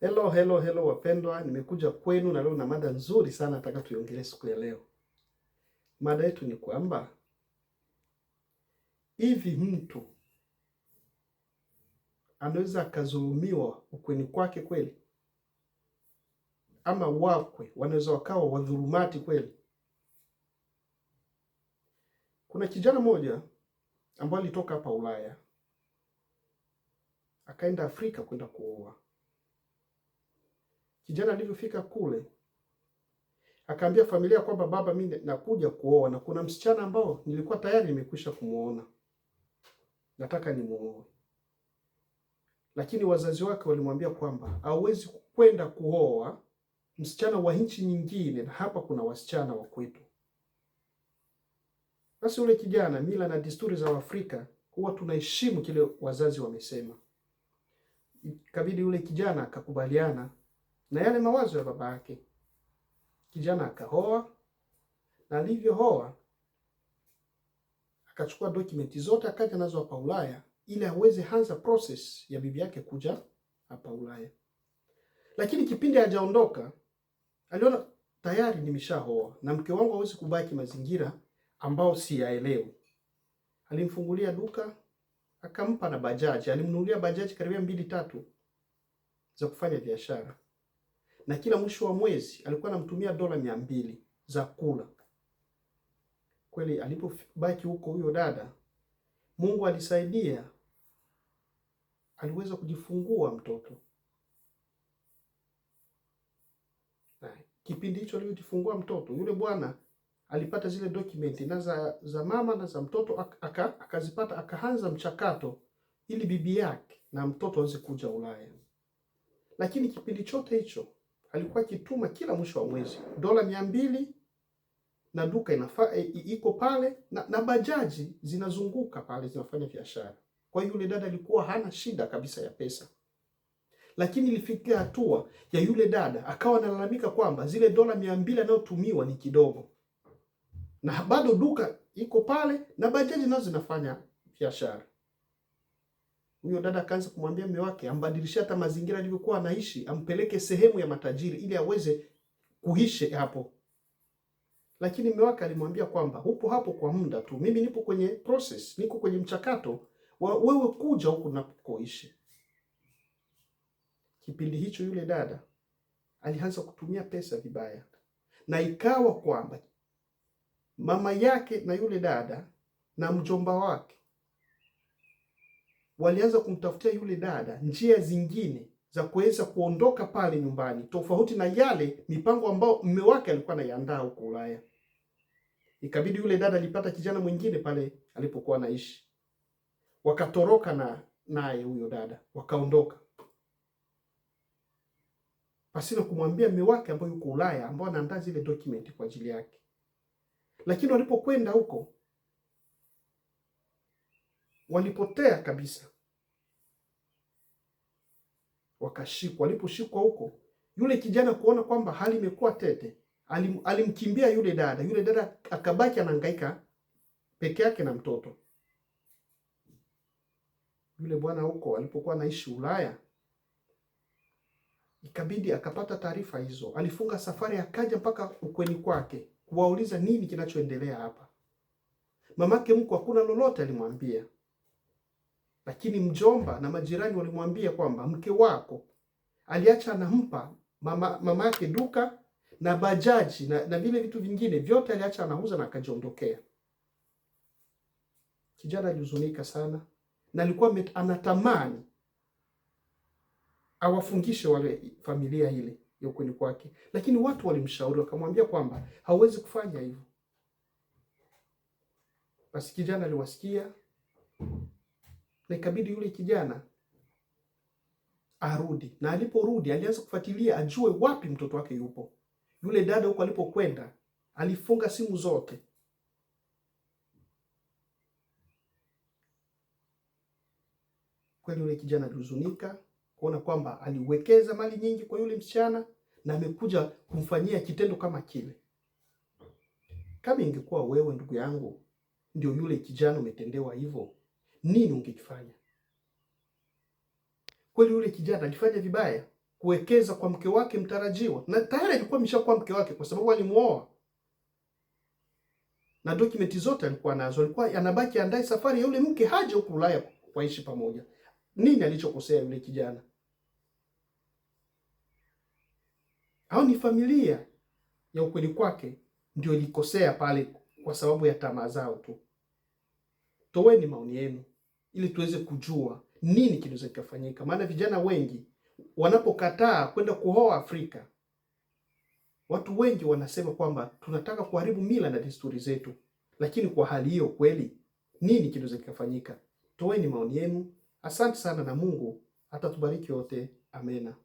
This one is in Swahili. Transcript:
Hello, hello, hello wapendwa, nimekuja kwenu na leo na mada nzuri sana nataka tuiongelee siku ya leo. Mada yetu ni kwamba hivi mtu anaweza akazulumiwa ukweni kwake kweli, ama wakwe wanaweza wakawa wadhulumati kweli? Kuna kijana mmoja ambaye alitoka hapa Ulaya akaenda Afrika kwenda kuoa Kijana alivyofika kule akaambia familia kwamba baba, mimi nakuja kuoa na kuna msichana ambao nilikuwa tayari nimekwisha kumuona, nataka nimuoe. Lakini wazazi wake walimwambia kwamba hauwezi kwenda kuoa msichana wa nchi nyingine, na hapa kuna wasichana wa kwetu. Basi yule kijana, mila na desturi za Waafrika huwa tunaheshimu kile wazazi wamesema, ikabidi yule kijana akakubaliana na yale mawazo ya baba yake. Kijana akahoa na alivyohoa akachukua dokumenti zote akaja nazo hapa Ulaya ili aweze anza process ya bibi yake kuja hapa Ulaya, lakini kipindi hajaondoka aliona tayari nimeshaoa na mke wangu hawezi kubaki mazingira ambao siyaelewi. Alimfungulia duka akampa na bajaji, alimnunulia bajaji karibia mbili tatu za kufanya biashara na kila mwisho wa mwezi alikuwa anamtumia dola mia mbili za kula. Kweli alipobaki huko huyo dada, Mungu alisaidia, aliweza kujifungua mtoto. Kipindi hicho alivyojifungua mtoto, yule bwana alipata zile dokumenti na za, za mama na za mtoto akazipata, akaanza mchakato ili bibi yake na mtoto waweze kuja Ulaya, lakini kipindi chote hicho alikuwa akituma kila mwisho wa mwezi dola mia mbili na duka inafaa e, iko pale na, na bajaji zinazunguka pale zinafanya biashara. Kwa hiyo yule dada alikuwa hana shida kabisa ya pesa, lakini ilifikia hatua ya yule dada akawa analalamika kwamba zile dola mia mbili anayotumiwa ni kidogo, na bado duka iko pale na bajaji nazo zinafanya biashara. Huyo dada akaanza kumwambia mume wake ambadilishie hata mazingira alivyokuwa anaishi, ampeleke sehemu ya matajiri ili aweze kuishi hapo. Lakini mume wake alimwambia kwamba upo hapo kwa muda tu, mimi nipo kwenye process, niko kwenye mchakato wa wewe kuja huku nakoishi. Kipindi hicho yule dada alianza kutumia pesa vibaya, na ikawa kwamba mama yake na yule dada na mjomba wake walianza kumtafutia yule dada njia zingine za kuweza kuondoka pale nyumbani, tofauti na yale mipango ambayo mume wake alikuwa anaiandaa huko Ulaya. Ikabidi yule dada alipata kijana mwingine pale alipokuwa anaishi, wakatoroka na naye huyo dada wakaondoka pasina kumwambia mume wake ambaye yuko Ulaya, ambao anaandaa zile document kwa ajili yake. Lakini walipokwenda huko walipotea kabisa, wakashikwa. Waliposhikwa huko, yule kijana kuona kwamba hali imekuwa tete, alim, alimkimbia yule dada. Yule dada akabaki anahangaika peke yake na mtoto yule. Bwana huko alipokuwa anaishi Ulaya, ikabidi akapata taarifa hizo, alifunga safari, akaja mpaka ukweni kwake kuwauliza nini kinachoendelea hapa. Mamake mko hakuna lolote alimwambia lakini mjomba na majirani walimwambia kwamba mke wako aliacha anampa mama, yake duka na bajaji na, na vile vitu vingine vyote aliacha anauza na akajiondokea. Kijana alihuzunika sana na alikuwa anatamani awafungishe wale familia ile ya ukweni kwake, lakini watu walimshauri wakamwambia kwamba hauwezi kufanya hivyo. Basi kijana aliwasikia na ikabidi yule kijana arudi, na aliporudi alianza kufuatilia ajue wapi mtoto wake yupo. Yule dada huko alipokwenda alifunga simu zote, kweli yule kijana alihuzunika kuona kwamba aliwekeza mali nyingi kwa yule msichana na amekuja kumfanyia kitendo kama kile. Kama ingekuwa wewe ndugu yangu, ndio yule kijana umetendewa hivyo, nini ungekifanya? Kweli yule kijana alifanya vibaya kuwekeza kwa mke wake mtarajiwa, na tayari alikuwa ameshakuwa mke wake kwa sababu alimuoa na dokumenti zote alikuwa nazo, alikuwa anabaki andae safari ya yule mke haje huku Ulaya waishi pamoja. Nini alichokosea yule kijana? Au ni familia ya ukweli kwake ndio ilikosea pale, kwa sababu ya tamaa zao tu? Toweni maoni yenu ili tuweze kujua nini kinaweza kikafanyika, maana vijana wengi wanapokataa kwenda kuoa Afrika, watu wengi wanasema kwamba tunataka kuharibu mila na desturi zetu. Lakini kwa hali hiyo kweli nini kinaweza kikafanyika? Toeni maoni yenu. Asante sana na Mungu atatubariki wote. Amena.